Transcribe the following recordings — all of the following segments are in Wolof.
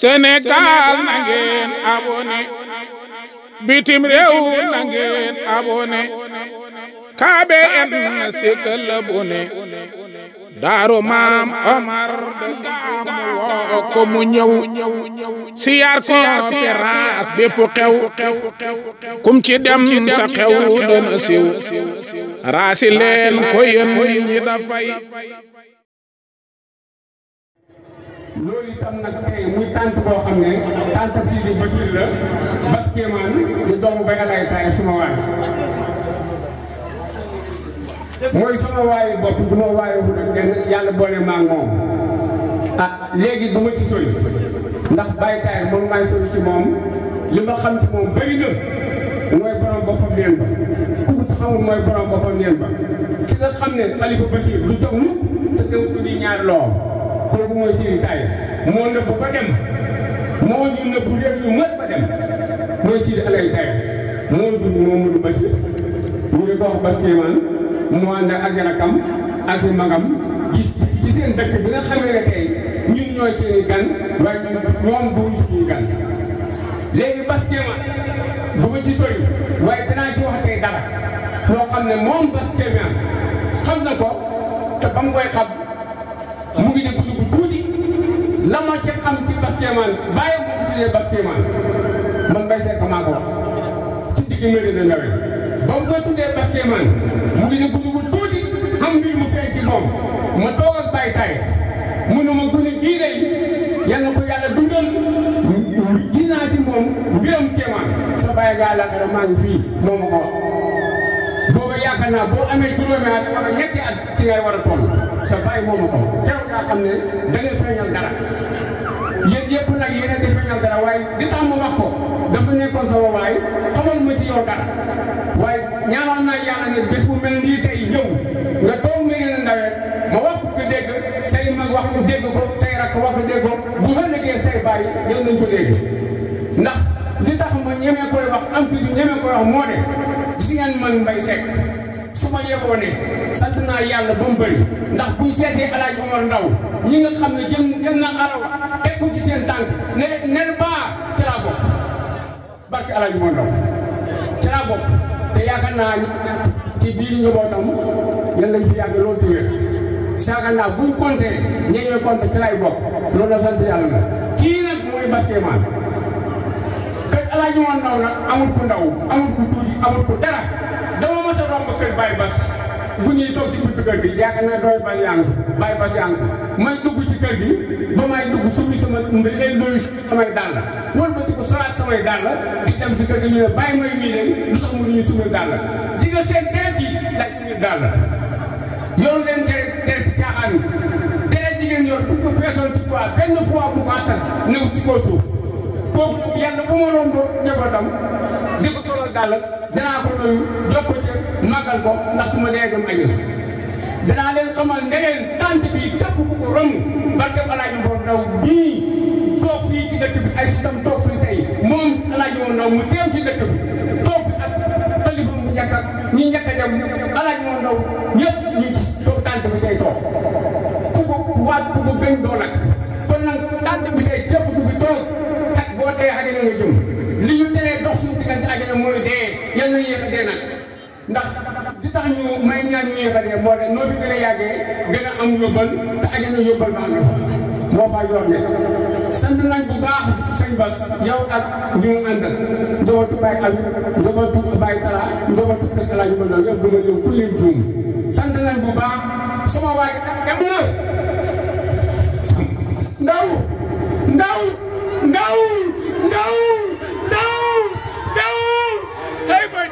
Sénégal na ngeen abonné bitim réew na ngeen abonné KBN na sikkal abonné daaru maam Omar dëggaam woo ko mu ñëw siyaar conférence bépp xew kum ci dem sa xew dana siw raasi leen ko yéen ñi dafay loolu itam nag tey muy tànt boo xam ne tànt si di Bachir la Bas Kéemaan di doomu Baye Alaye Taye suma waay mooy sama waayu bopp du ma waayu kenn yàlla boole maa moom ah léegi duma ci sori ndax Baye Taye moom maay sori ci moom li ma xam ci moom bëri na mooy borom boppam neen ba ku ko xamul mooy borom boppam neen ba ki nga xam ne xalifa Bachir du jox te dem ñaar lool kooku mooy Serigne Taïf moo nëbbu ba dem moo ñu nëbbu léegi ñu mën ba dem mooy Sidi Alay Taïf moo dund moom mënu bas ñu ngi ko wax bas kéemaan ànd ak rakam ak magam gis ci seen dëkk bi nga xamee ne tey ñun ñooy seen gan waaye ñoom duñ suñuy gan léegi bas kéemaan bu ma ci sori waaye danaa ci wax dara loo xam ne moom bas xam na ko te ba mu koy xam mu la ma ci xam ci baskemaan bàyyi ko bu tuddee baskemaan man Mbaye Seck maa ko wax ci digg mbiri na ndawe ba mu koy tuddee baskemaan mu ngi ne guddi tuuti xam mbir mu feeñ ci moom ma toog ak Baye Taye mu ne ma gune gii na ko yàlla dundal gis naa ci moom mbiram kéemaan sa bàyyi gaa laaxira maa ngi fii moo ma ko yaakaar naa boo amee juróomi at wala ñetti at ci ngay war a toll sa bàyyi moomu ko jarul daa xam ne da ngeen feeñal dara yéen yëpp nag yéen a di feeñal dara waaye di tax ko dafa nekkoon sama waay xamal ma ci yow dara waaye ñaanal naa yàlla ne bés bu mel nii tey ñëw nga toog mi ngeen ndawee ma wax ko dégg say mag wax ko dégg ko say rakk wax ko dégg ko bu ëllëgee say bàyyi yéen ko dégg ndax li tax ma ñemee koy wax am tuuti ñemee koy wax moo de si ngeen man Mbaye Seck su ma yeboo ne sant yàlla ba mu bëri ndax buñ seetee El Hadj Ndaw ñi nga xam ne jëm jëm na araw teg ko ci seen tànk ne nen baa ca laa Ndaw ca laa bokk te yaakaar naa ci biir la sant yàlla na kii nag mooy baskemaan amul ko dara dama mës a romb kër Baye Bass bu ñuy toog ci buntu kër gi yaakaar naa doy Baye yaa ngi Bass yaa may dugg ci kër gi ba may dugg sama mbir ay ndoyu sumi samay dàll wëlbati ko solaat samay dàll di dem ci gi ñu may tax mu ñu di nga seen deret yi la sumi dàll yoru leen deret deret caaxaan deret jigéen yor ko peesoon ci poids benn poids bu ko attan néew ci suuf bu di ko danaa ko nuyu jox ko ca màggal ko ndax su ma dee dem añu danaa leen xamal ne leen tànt bi képp ku ko romb barke alaaji Mor Ndaw bii toog fii ci dëkk bi ay si tam toog fii tey moom alaaji Mor Ndaw mu teew ci dëkk bi toog fi ak téléphone bu njëkk ak ñi njëkk a dem alaaji Mor Ndaw ñëpp ñu ci tànt bi tey toog ku ko waat ku ko gën doo nag kon nag tànt bi tey képp ku fi toog boo dee xaga na nga jëm li ñu teree dox suñu a sant nañ bu baax sëñ Bas yow ak ñu mu àndal njabootu Baye Habib njabootu ndaw ndaw ndaw ndaw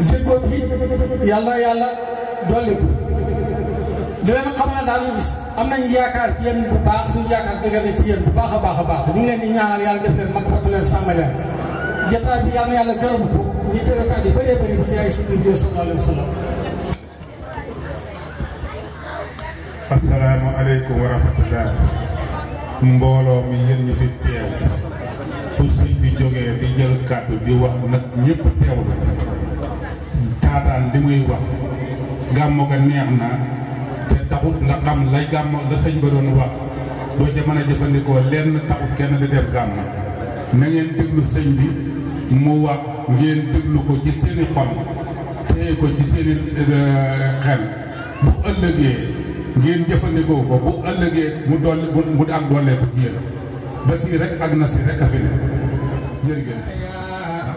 déggoo bi yàlla yalla dolli ko di leen xamal daal ñu gis ci yéen bu baax suñu yaakaar dëgër ci yéen bu baax a baax ñu ngi ñaanal yàlla def leen mag fàttu leen sàmm leen jotaay bi yàlla na yàlla ko ñu tëjee kàddu yi bëree bëri bu jaay suñu sallallahu alayhi wa rahmatullah mi ñu fi bi di jël di wax taataan li muy wax gàmmu ga neex na te taxut nga xam lay gàmmu la sëñ ba doon wax doo ca jëfandikoo lenn taxut kenn di def gàmm na ngeen déglu sëñ bi mu wax ngeen déglu ko ci seeni xol téye ko ci seeni euh, xel bu ëllëgee ngeen jëfandikoo ko bu ëllëgee mu dolli mu ak dollee ko jiir ba rek ak na si rek a fi ne jërëjëf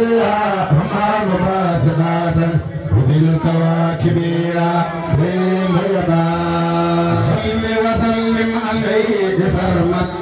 فيها حمام باثباتا وبالكواكب يا كريم يا وسلم عليه بسرمة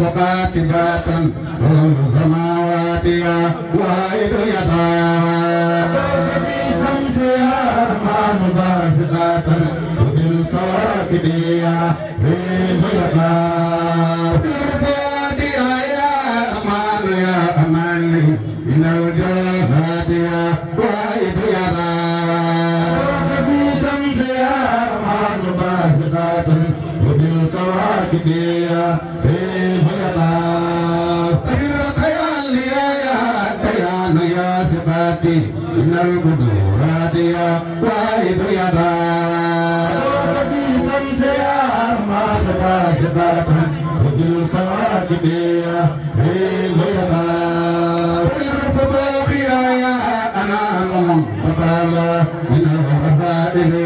مقاتبات رغم السماوات واحد يداها بشمسها أرحام باسقات وبالكواكب في بلقاء بالفادها يا أمان يا أمان من الجهات واحد يداها بشمسها أرحام باسقات وبالكواكب Amen.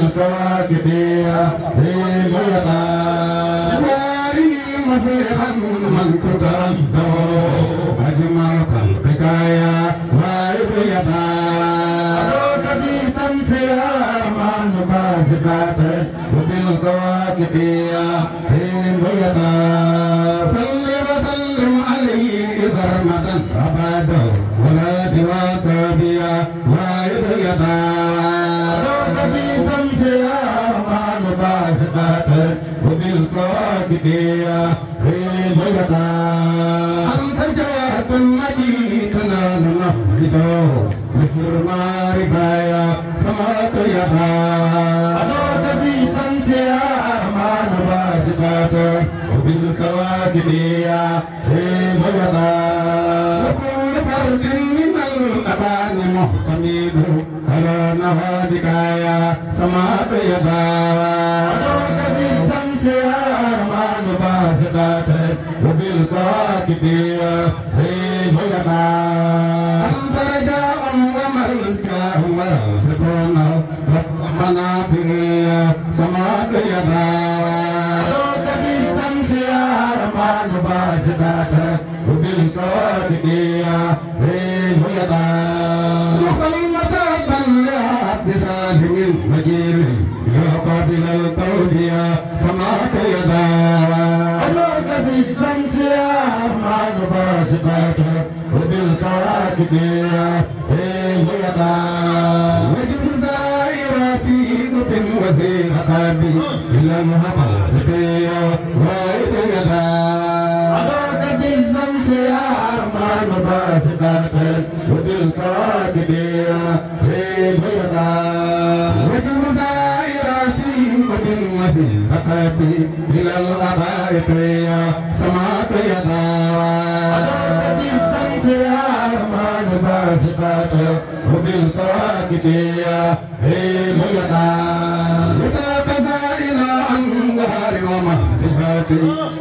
الكواكب إيه في اليقان مفلحا من كنت رده أجمل قلبك يا وارد يبان أدوك في شمسها أرمان كاذبات وبالكواكب في اليقان صل وسلم عليه سرمدا أبدا ولا بواسبيا وارد يبان وبالكواكبية في بغدا أنت جاءت النبي تنال نفذه مصر ما ربايا سمعت يها أدوت بي سنسيا أرمان باسقات وبالكواكبية في بغدا الأبان محتميد على نهادك يا سماك يا بابا أدعوك بالشمس يا رمان باسطات وبالكواكب يا ريح يا بابا الحبيب إلى الأباء طريا سمعت يدارا بالشمس يا أرمان باسقات وبالكواكب يا هيم يدار لذاك سائلا عن ظهر ومهربات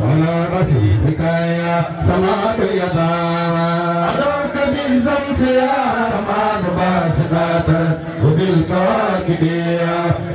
ولا رسيبك يا سمعت يدارا أدوك بالشمس يا أرمان باسقات وبالكواكب يا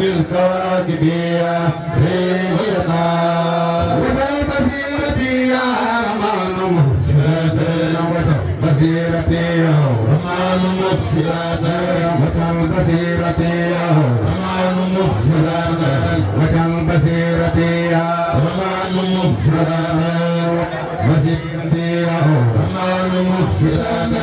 بالكواكب في غيطا وفالبصيرة يا رمان مبصرة وتالبصيرة يا رمان مبصرة وتالبصيرة يا رمان مبصرة وتالبصيرة يا رمان مبصرة وزدت يا رمان مبصرة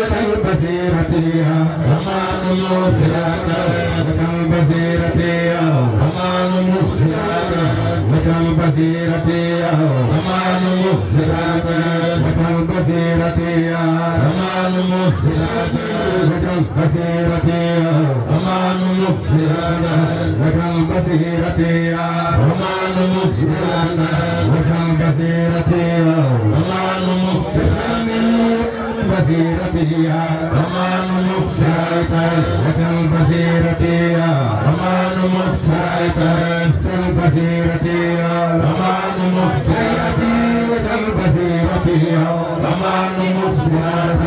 وتالبصيرة يا رمان مبصرة وكم بصيرتي وما نمخ سلاما وكم بصيرتي وما نمخ سلاما وكم بصيرتي وما نمخ سلاما وكم بصيرتي وما نمخ سلاما وكم بصيرتي وما نمخ سلاما وكم بصيرتي وما نمخ سلاما البصيرة يا رمان مبصرة وكالبصيرة يا رمان مبصرة كالبصيرة يا رمان مبصرة وكالبصيرة يا رمان مبصرة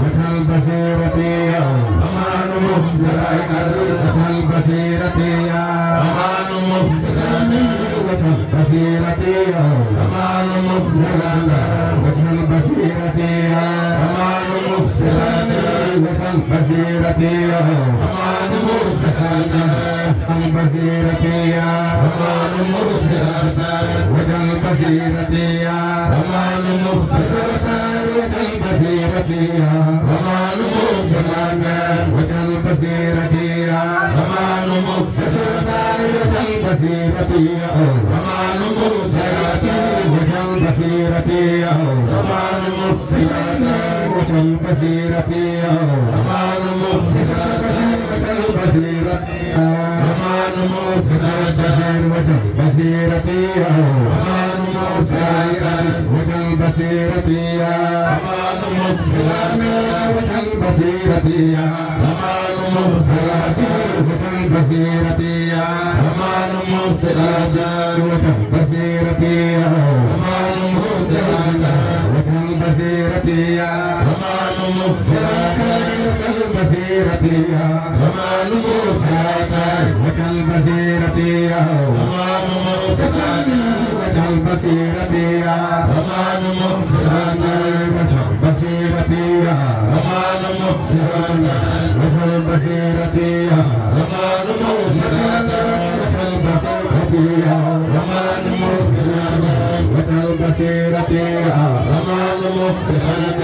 وكالبصيرة يا رمان مبصرة وكالبصيرة يا رمان مبصرة البصيرة يا رمان مبصرة وجه البصيرة يا رمان مرسلانا عن بصيرتي يا رحمن مرسلانا عن بصيرتي يا رحمن مرسلانا وجل بصيرتي يا رحمن مرسلانا وجل بصيرتي يا رحمن مرسلانا وجل بصيرتي يا رحمن مرسلانا وجل بصيرتي يا رحمن مرسلانا وجل بصيرتي البصيرة رمان مغفرة البصيرة رمان مغفرة البصيرة رمان مغفرة البصيرة رمان مغفرة البصيرة رمان مغفرة البصيرة رمان مغفرة البصيرة رمان مغفرة البصيرة المغفرة وكالبصيرة وما المغفرة وكالبصيرة وما المغفرة وكالبصيرة وما المغفرة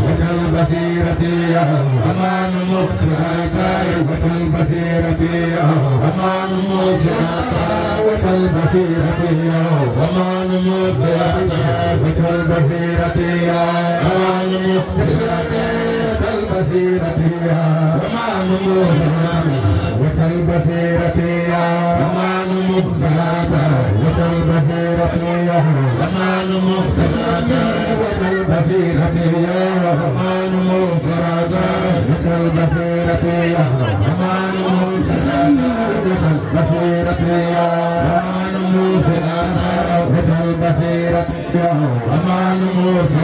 بصيرتي يا أمان مبصرة تاوة البصيرة يا أمان مبصرة تاوة البصيرة يا أمان مبصرة تاوة البصيرة يا أمان مبصرة تاوة البصيرة يا أمان مبصرة تاوة البصيرة مبسمة وكالبصيرة لمان مبسمة وكالبصيرة لمان مبسمة وكالبصيرة لمان مبسمة وكالبصيرة لمان مبسمة وكالبصيرة لمان مبسمة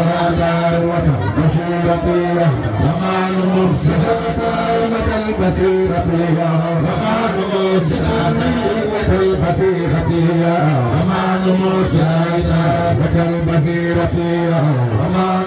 وكالبصيرة لمان مبسمة बसीरती आहे बसीरती रमानो न बचल बसीरती आहे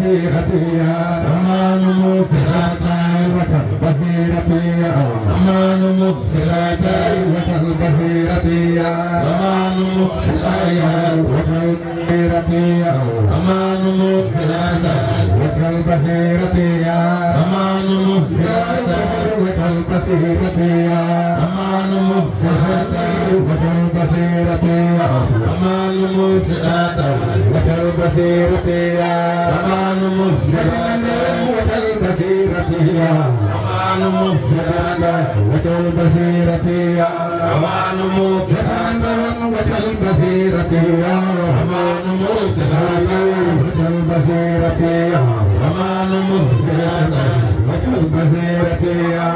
وزيرتي يا رحمن مغفرات وتر بصيرتي يا رحمن مغفرات وتر بصيرتي يا رحمن مغفرات وتر بصيرتي يا رحمن مغفرات وتر بصيرتي يا رحمن مغفرات बसेरतया अमान मुफसदत वजल बसेरतया अमान मुफसदत वजल बसेरतया अमान मुफसदत वजल बसेरतया अमान मुफसदत वजल बसेरतया अमान मुफसदत वजल बसेरतया अमान मुफसदत वजल बसेरतया अमान मुफसदत वजल बसेरतया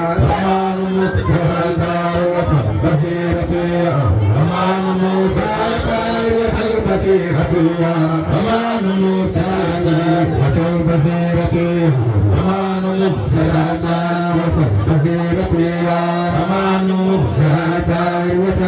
Aman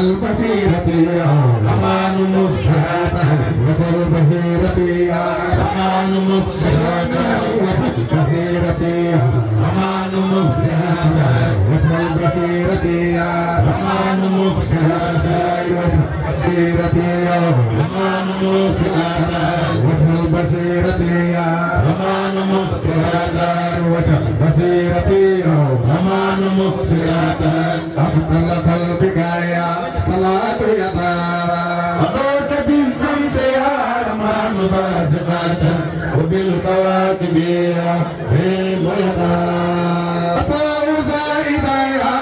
البصيرة يا رحمن مبصراتها وكالبصيرة يا رحمن مبصراتها وكالبصيرة يا رحمن مبصراتها وكالبصيرة يا رحمن مبصراتها وكالبصيرة يا رحمن مبصراتها وكالبصيرة يا رحمن مبصراتها وكالبصيرة يا رحمن مبصراتها أقبل قلبي مبازقة وبالكواكب في مرضى أطاو زايدة يا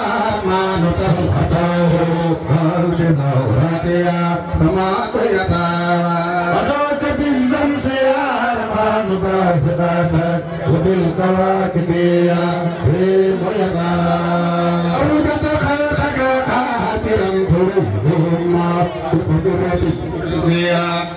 ما نطه أطاو قلب زوراتيا سماك يطا أدوك بالشمس يا ما مبازقة وبالكواكب في مرضى Yeah.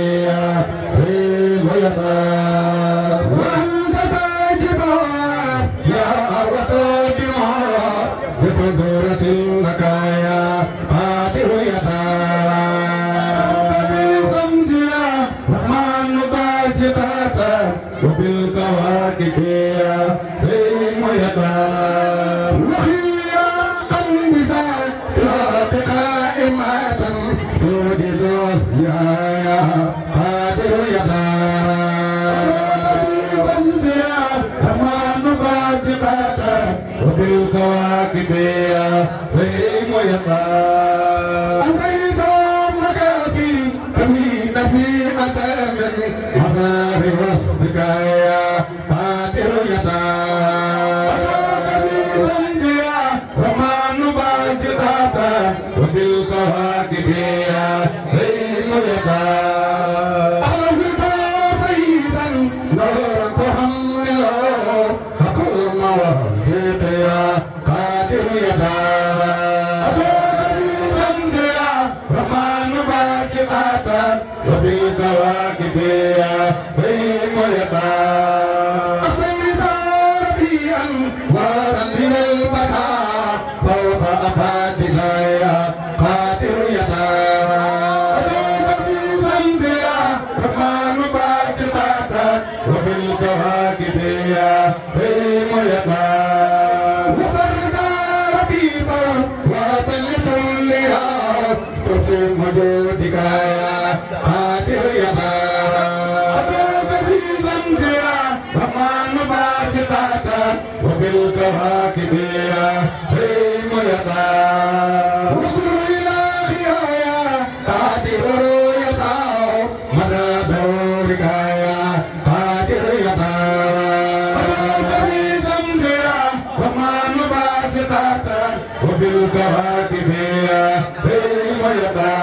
الكواكب في الميدان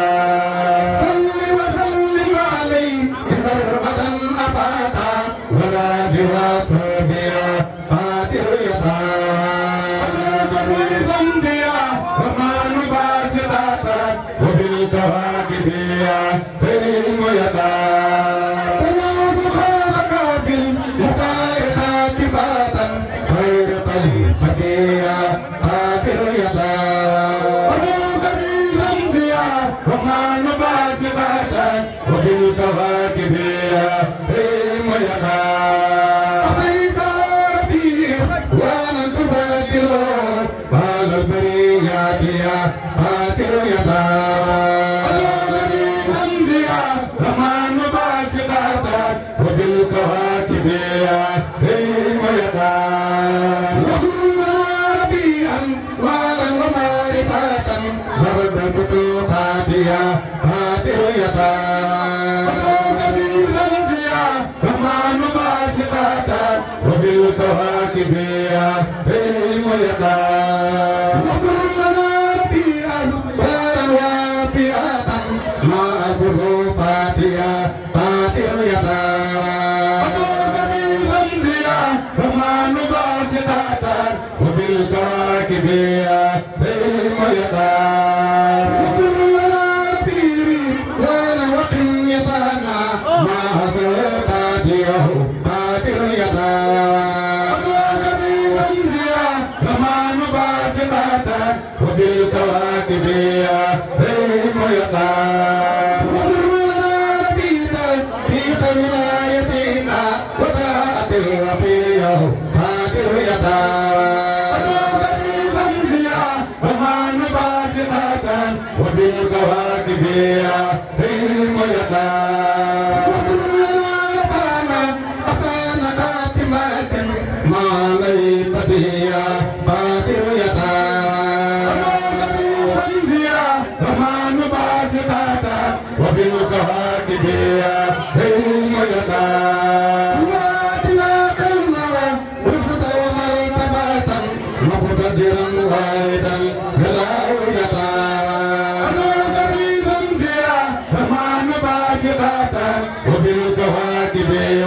وبالكواكب بين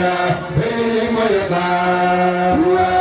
الميطان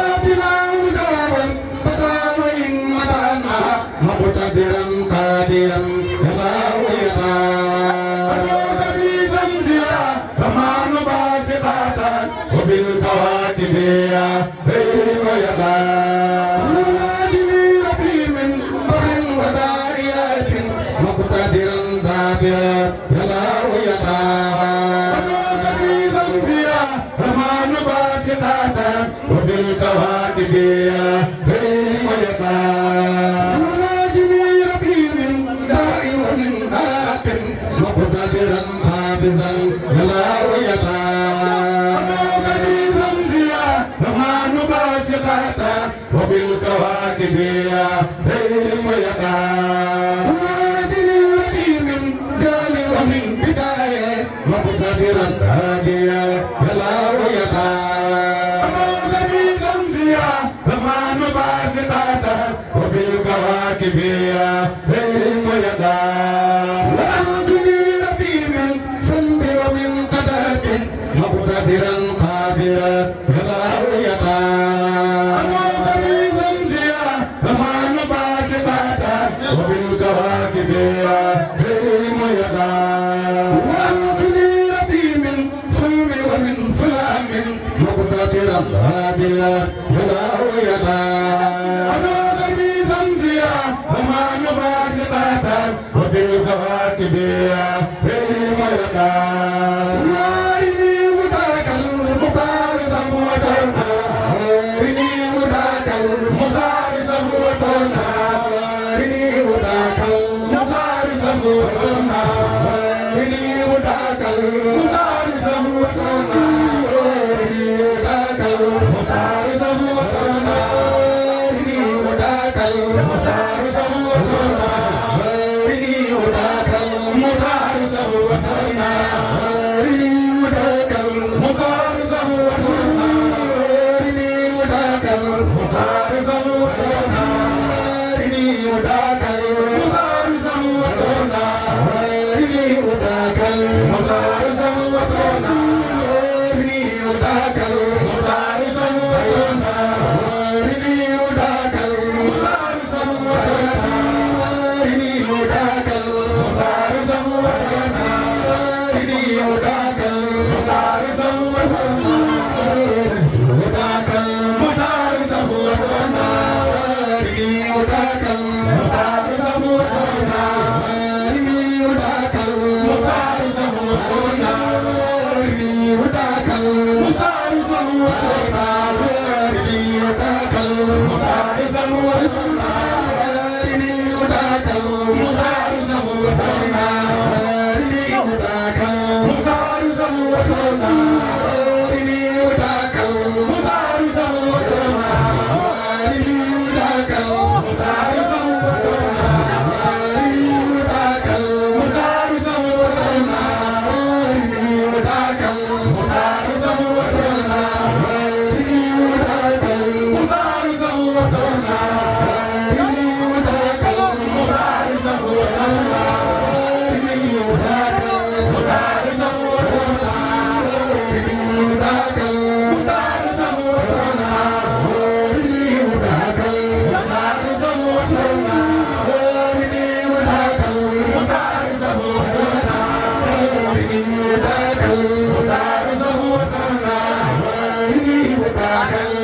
Amen.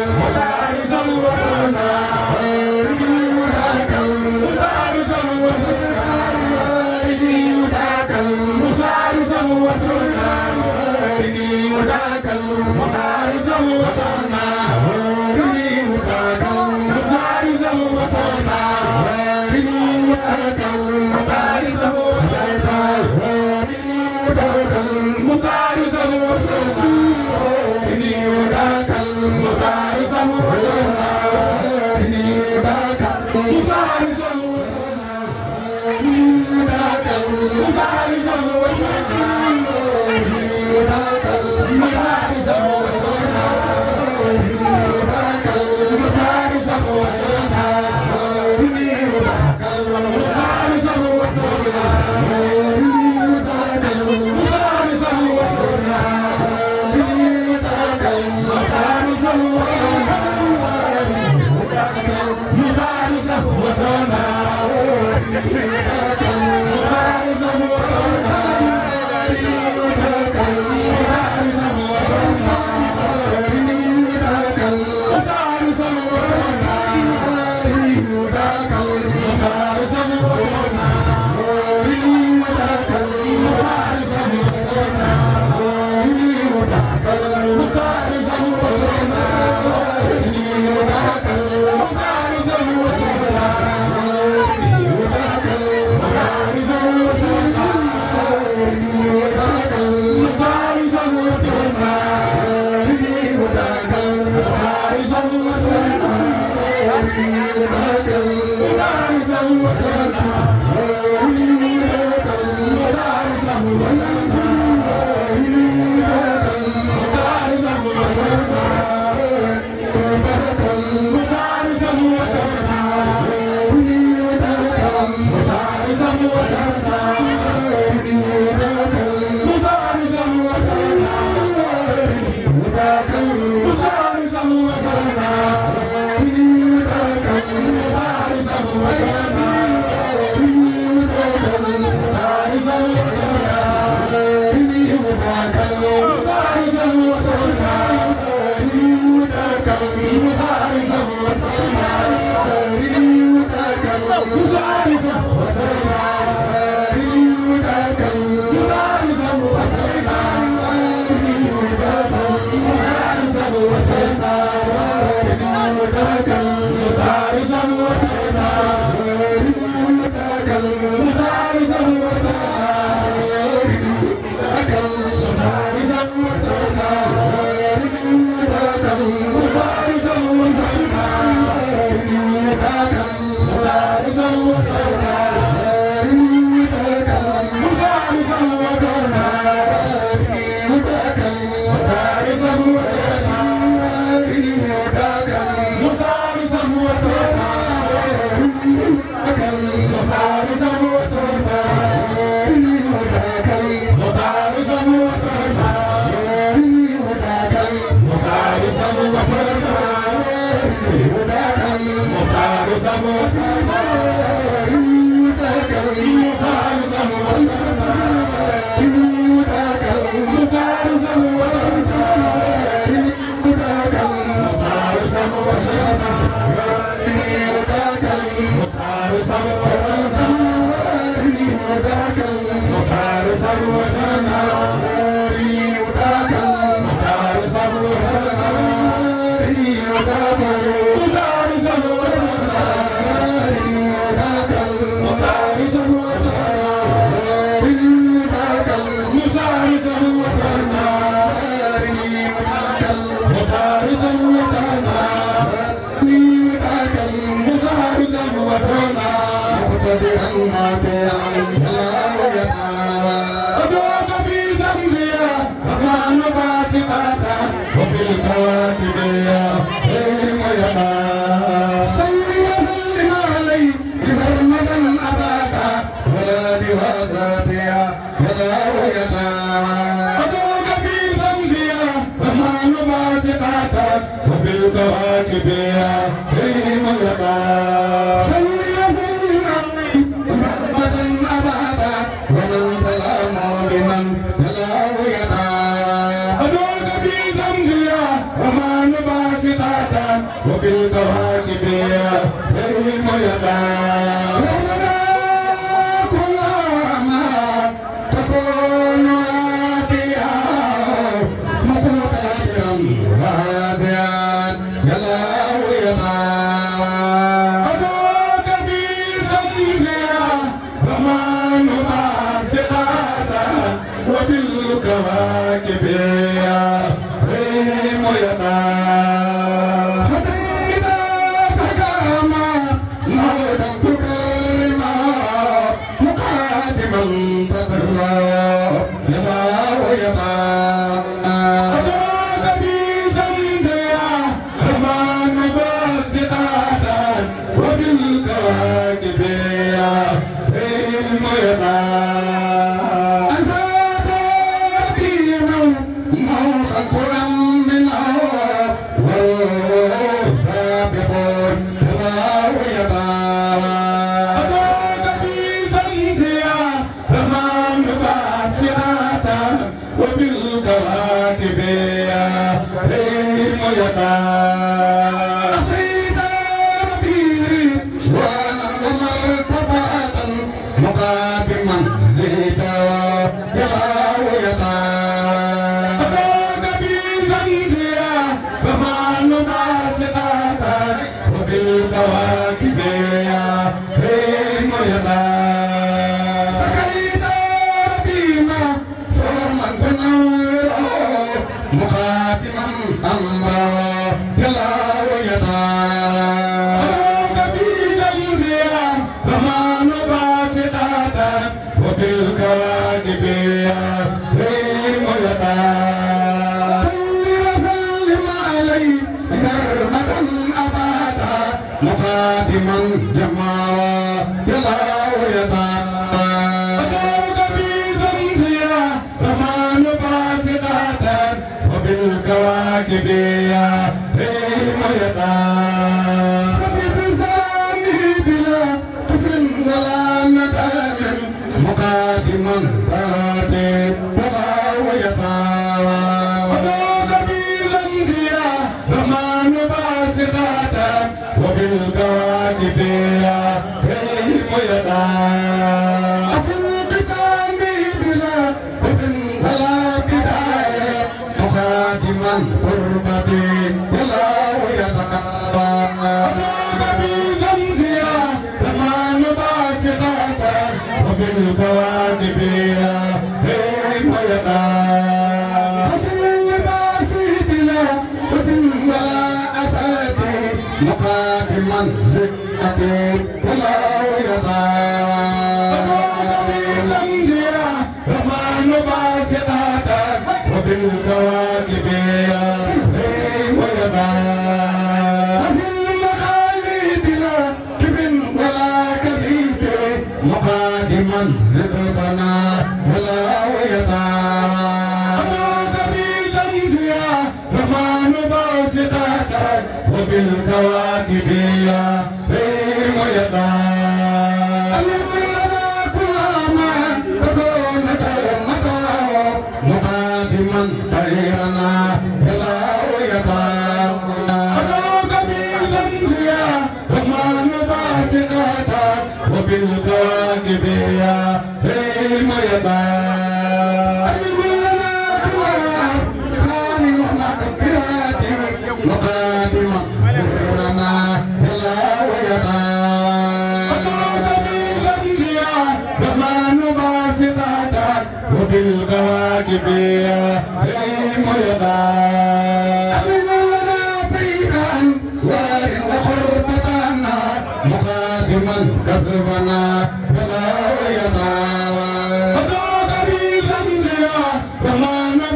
pela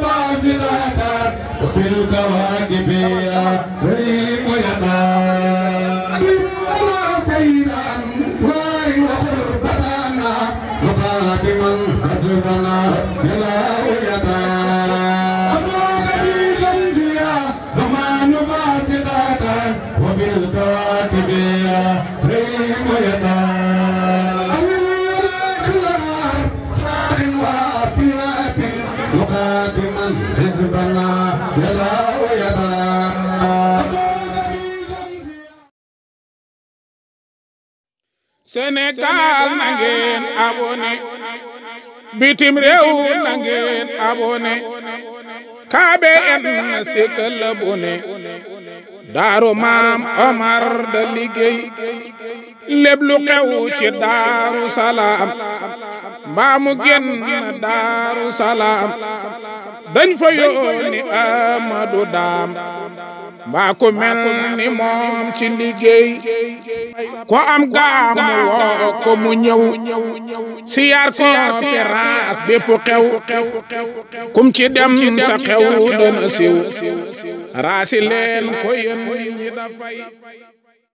mais de largar O peruca lá que beia Vem, Goiânia Sénégal na ngeen abonné bitim réew na ngeen abonné KBN si kël abonné daaru maam Omar da liggéey lépp lu ci daaru salaam mbaa mu daaru salaam dañ fa yónni Amadou Daam mbaa ku mel ni moom ci liggéey ko am gaamu woo ko mu ñëw siyaar ko feraas bépp xew kum ci dem sa xew dana siw raasi ko yéen ñi dafay